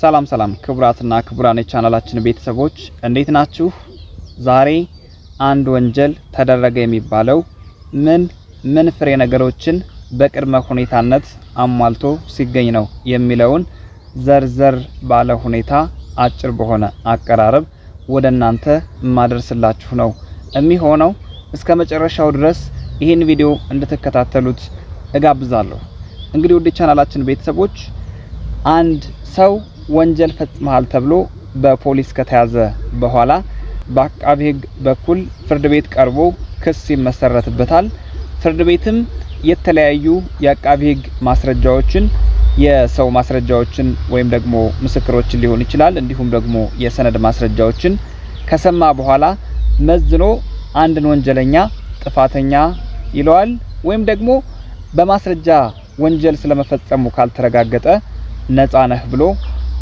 ሰላም ሰላም ክቡራትና ክቡራን የቻናላችን ቤተሰቦች እንዴት ናችሁ? ዛሬ አንድ ወንጀል ተደረገ የሚባለው ምን ምን ፍሬ ነገሮችን በቅድመ ሁኔታነት አሟልቶ ሲገኝ ነው የሚለውን ዘርዘር ባለ ሁኔታ አጭር በሆነ አቀራረብ ወደ እናንተ ማደርስላችሁ ነው የሚሆነው። እስከ መጨረሻው ድረስ ይህን ቪዲዮ እንድትከታተሉት እጋብዛለሁ። እንግዲህ ወደ ቻናላችን ቤተሰቦች አንድ ሰው ወንጀል ፈጽመሃል ተብሎ በፖሊስ ከተያዘ በኋላ በአቃቢ ህግ በኩል ፍርድ ቤት ቀርቦ ክስ ይመሰረትበታል። ፍርድ ቤትም የተለያዩ የአቃቢ ህግ ማስረጃዎችን የሰው ማስረጃዎችን ወይም ደግሞ ምስክሮችን ሊሆን ይችላል፣ እንዲሁም ደግሞ የሰነድ ማስረጃዎችን ከሰማ በኋላ መዝኖ አንድን ወንጀለኛ ጥፋተኛ ይለዋል ወይም ደግሞ በማስረጃ ወንጀል ስለመፈጸሙ ካልተረጋገጠ ነጻ ነህ ብሎ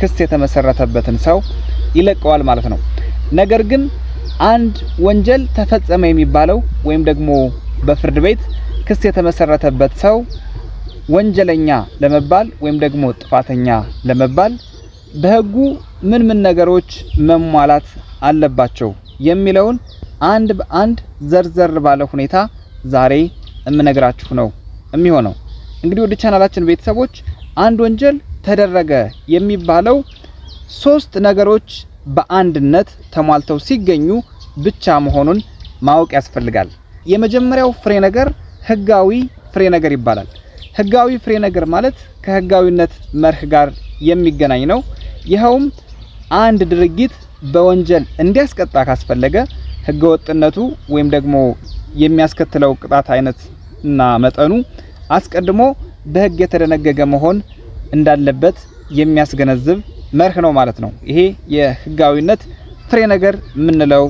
ክስ የተመሰረተበትን ሰው ይለቀዋል ማለት ነው። ነገር ግን አንድ ወንጀል ተፈጸመ የሚባለው ወይም ደግሞ በፍርድ ቤት ክስ የተመሰረተበት ሰው ወንጀለኛ ለመባል ወይም ደግሞ ጥፋተኛ ለመባል በህጉ ምን ምን ነገሮች መሟላት አለባቸው የሚለውን አንድ በአንድ ዘርዘር ባለ ሁኔታ ዛሬ የምነግራችሁ ነው የሚሆነው። እንግዲህ ወደ ቻናላችን ቤተሰቦች አንድ ወንጀል ተደረገ የሚባለው ሶስት ነገሮች በአንድነት ተሟልተው ሲገኙ ብቻ መሆኑን ማወቅ ያስፈልጋል። የመጀመሪያው ፍሬ ነገር ህጋዊ ፍሬ ነገር ይባላል። ህጋዊ ፍሬ ነገር ማለት ከህጋዊነት መርህ ጋር የሚገናኝ ነው። ይኸውም አንድ ድርጊት በወንጀል እንዲያስቀጣ ካስፈለገ ህገወጥነቱ ወይም ደግሞ የሚያስከትለው ቅጣት አይነት እና መጠኑ አስቀድሞ በህግ የተደነገገ መሆን እንዳለበት የሚያስገነዝብ መርህ ነው ማለት ነው። ይሄ የህጋዊነት ፍሬ ነገር የምንለው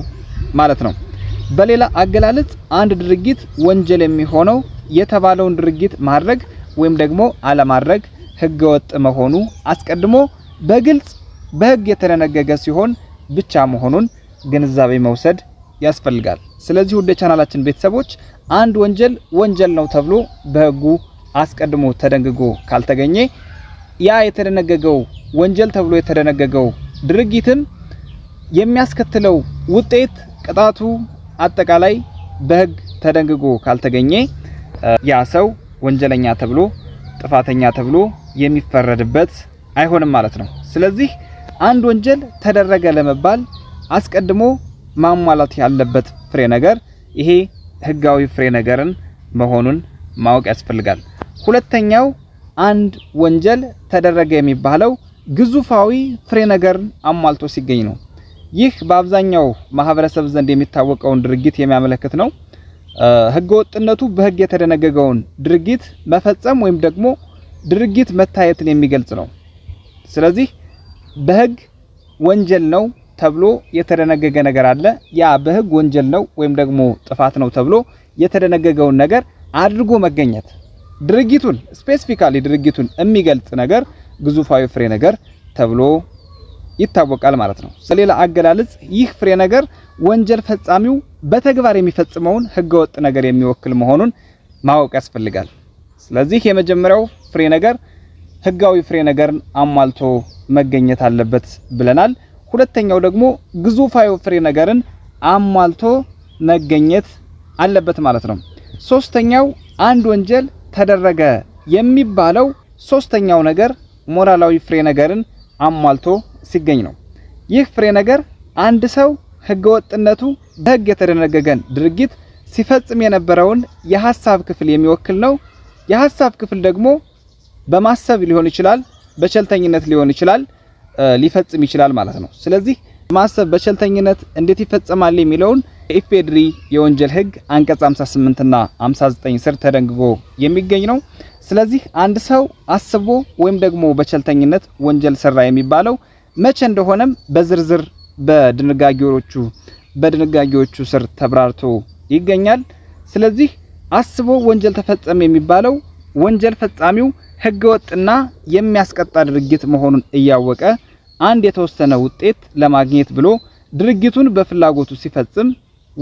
ማለት ነው። በሌላ አገላለጽ አንድ ድርጊት ወንጀል የሚሆነው የተባለውን ድርጊት ማድረግ ወይም ደግሞ አለማድረግ ህገወጥ መሆኑ አስቀድሞ በግልጽ በህግ የተደነገገ ሲሆን ብቻ መሆኑን ግንዛቤ መውሰድ ያስፈልጋል። ስለዚህ ወደ ቻናላችን ቤተሰቦች አንድ ወንጀል ወንጀል ነው ተብሎ በህጉ አስቀድሞ ተደንግጎ ካልተገኘ ያ የተደነገገው ወንጀል ተብሎ የተደነገገው ድርጊትም የሚያስከትለው ውጤት ቅጣቱ አጠቃላይ በህግ ተደንግጎ ካልተገኘ ያ ሰው ወንጀለኛ ተብሎ ጥፋተኛ ተብሎ የሚፈረድበት አይሆንም ማለት ነው። ስለዚህ አንድ ወንጀል ተደረገ ለመባል አስቀድሞ ማሟላት ያለበት ፍሬ ነገር ይሄ ህጋዊ ፍሬ ነገርን መሆኑን ማወቅ ያስፈልጋል። ሁለተኛው አንድ ወንጀል ተደረገ የሚባለው ግዙፋዊ ፍሬ ነገር አሟልቶ ሲገኝ ነው። ይህ በአብዛኛው ማህበረሰብ ዘንድ የሚታወቀውን ድርጊት የሚያመለክት ነው። ህገወጥነቱ በህግ የተደነገገውን ድርጊት መፈጸም ወይም ደግሞ ድርጊት መታየትን የሚገልጽ ነው። ስለዚህ በህግ ወንጀል ነው ተብሎ የተደነገገ ነገር አለ። ያ በህግ ወንጀል ነው ወይም ደግሞ ጥፋት ነው ተብሎ የተደነገገውን ነገር አድርጎ መገኘት ድርጊቱን ስፔሲፊካሊ ድርጊቱን የሚገልጽ ነገር ግዙፋዊ ፍሬ ነገር ተብሎ ይታወቃል ማለት ነው። ስለሌላ አገላለጽ ይህ ፍሬ ነገር ወንጀል ፈጻሚው በተግባር የሚፈጽመውን ህገወጥ ነገር የሚወክል መሆኑን ማወቅ ያስፈልጋል። ስለዚህ የመጀመሪያው ፍሬ ነገር ህጋዊ ፍሬ ነገርን አሟልቶ መገኘት አለበት ብለናል። ሁለተኛው ደግሞ ግዙፋዊ ፍሬ ነገርን አሟልቶ መገኘት አለበት ማለት ነው። ሶስተኛው አንድ ወንጀል ተደረገ የሚባለው ሶስተኛው ነገር ሞራላዊ ፍሬ ነገርን አሟልቶ ሲገኝ ነው። ይህ ፍሬ ነገር አንድ ሰው ህገወጥነቱ በህግ የተደነገገን ድርጊት ሲፈጽም የነበረውን የሀሳብ ክፍል የሚወክል ነው። የሀሳብ ክፍል ደግሞ በማሰብ ሊሆን ይችላል፣ በቸልተኝነት ሊሆን ይችላል፣ ሊፈጽም ይችላል ማለት ነው። ስለዚህ ማሰብ በቸልተኝነት እንዴት ይፈጸማል የሚለውን በኢፌድሪ የወንጀል ህግ አንቀጽ 58ና 59 ስር ተደንግጎ የሚገኝ ነው። ስለዚህ አንድ ሰው አስቦ ወይም ደግሞ በቸልተኝነት ወንጀል ሰራ የሚባለው መቼ እንደሆነም በዝርዝር በድንጋጌዎቹ በድንጋጌዎቹ ስር ተብራርቶ ይገኛል። ስለዚህ አስቦ ወንጀል ተፈጸመ የሚባለው ወንጀል ፈጻሚው ህገወጥና የሚያስቀጣ ድርጊት መሆኑን እያወቀ አንድ የተወሰነ ውጤት ለማግኘት ብሎ ድርጊቱን በፍላጎቱ ሲፈጽም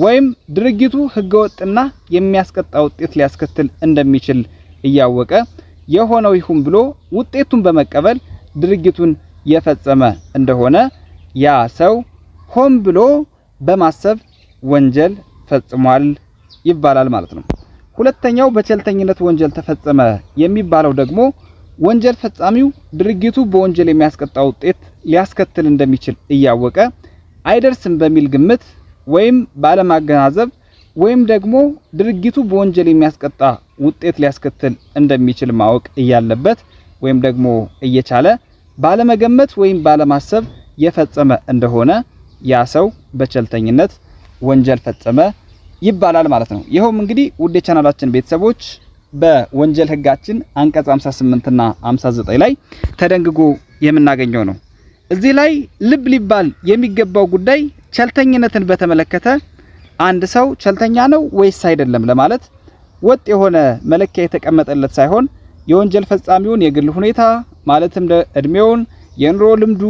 ወይም ድርጊቱ ህገወጥና የሚያስቀጣ ውጤት ሊያስከትል እንደሚችል እያወቀ የሆነው ይሁን ብሎ ውጤቱን በመቀበል ድርጊቱን የፈጸመ እንደሆነ ያ ሰው ሆን ብሎ በማሰብ ወንጀል ፈጽሟል ይባላል ማለት ነው። ሁለተኛው በቸልተኝነት ወንጀል ተፈጸመ የሚባለው ደግሞ ወንጀል ፈጻሚው ድርጊቱ በወንጀል የሚያስቀጣ ውጤት ሊያስከትል እንደሚችል እያወቀ አይደርስም በሚል ግምት ወይም ባለማገናዘብ ወይም ደግሞ ድርጊቱ በወንጀል የሚያስቀጣ ውጤት ሊያስከትል እንደሚችል ማወቅ እያለበት ወይም ደግሞ እየቻለ ባለመገመት ወይም ባለማሰብ የፈጸመ እንደሆነ ያ ሰው በቸልተኝነት ወንጀል ፈጸመ ይባላል ማለት ነው። ይኸውም እንግዲህ ውድ የቻናላችን ቤተሰቦች በወንጀል ሕጋችን አንቀጽ 58 እና 59 ላይ ተደንግጎ የምናገኘው ነው። እዚህ ላይ ልብ ሊባል የሚገባው ጉዳይ ቸልተኝነትን በተመለከተ አንድ ሰው ቸልተኛ ነው ወይስ አይደለም ለማለት ወጥ የሆነ መለኪያ የተቀመጠለት ሳይሆን የወንጀል ፈጻሚውን የግል ሁኔታ ማለትም እድሜውን፣ የኑሮ ልምዱ፣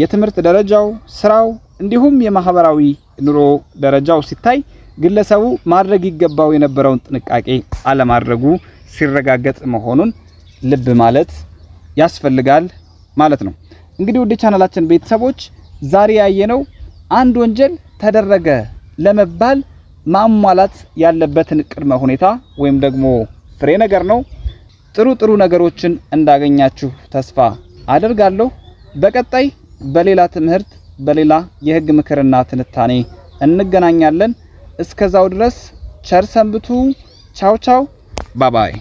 የትምህርት ደረጃው፣ ስራው እንዲሁም የማህበራዊ ኑሮ ደረጃው ሲታይ ግለሰቡ ማድረግ ይገባው የነበረውን ጥንቃቄ አለማድረጉ ሲረጋገጥ መሆኑን ልብ ማለት ያስፈልጋል ማለት ነው። እንግዲህ ውድ ቻናላችን ቤተሰቦች ዛሬ ያየነው አንድ ወንጀል ተደረገ ለመባል ማሟላት ያለበትን ቅድመ ሁኔታ ወይም ደግሞ ፍሬ ነገር ነው። ጥሩ ጥሩ ነገሮችን እንዳገኛችሁ ተስፋ አደርጋለሁ። በቀጣይ በሌላ ትምህርት በሌላ የህግ ምክርና ትንታኔ እንገናኛለን። እስከዛው ድረስ ቸር ሰንብቱ። ቻው ቻው ባባይ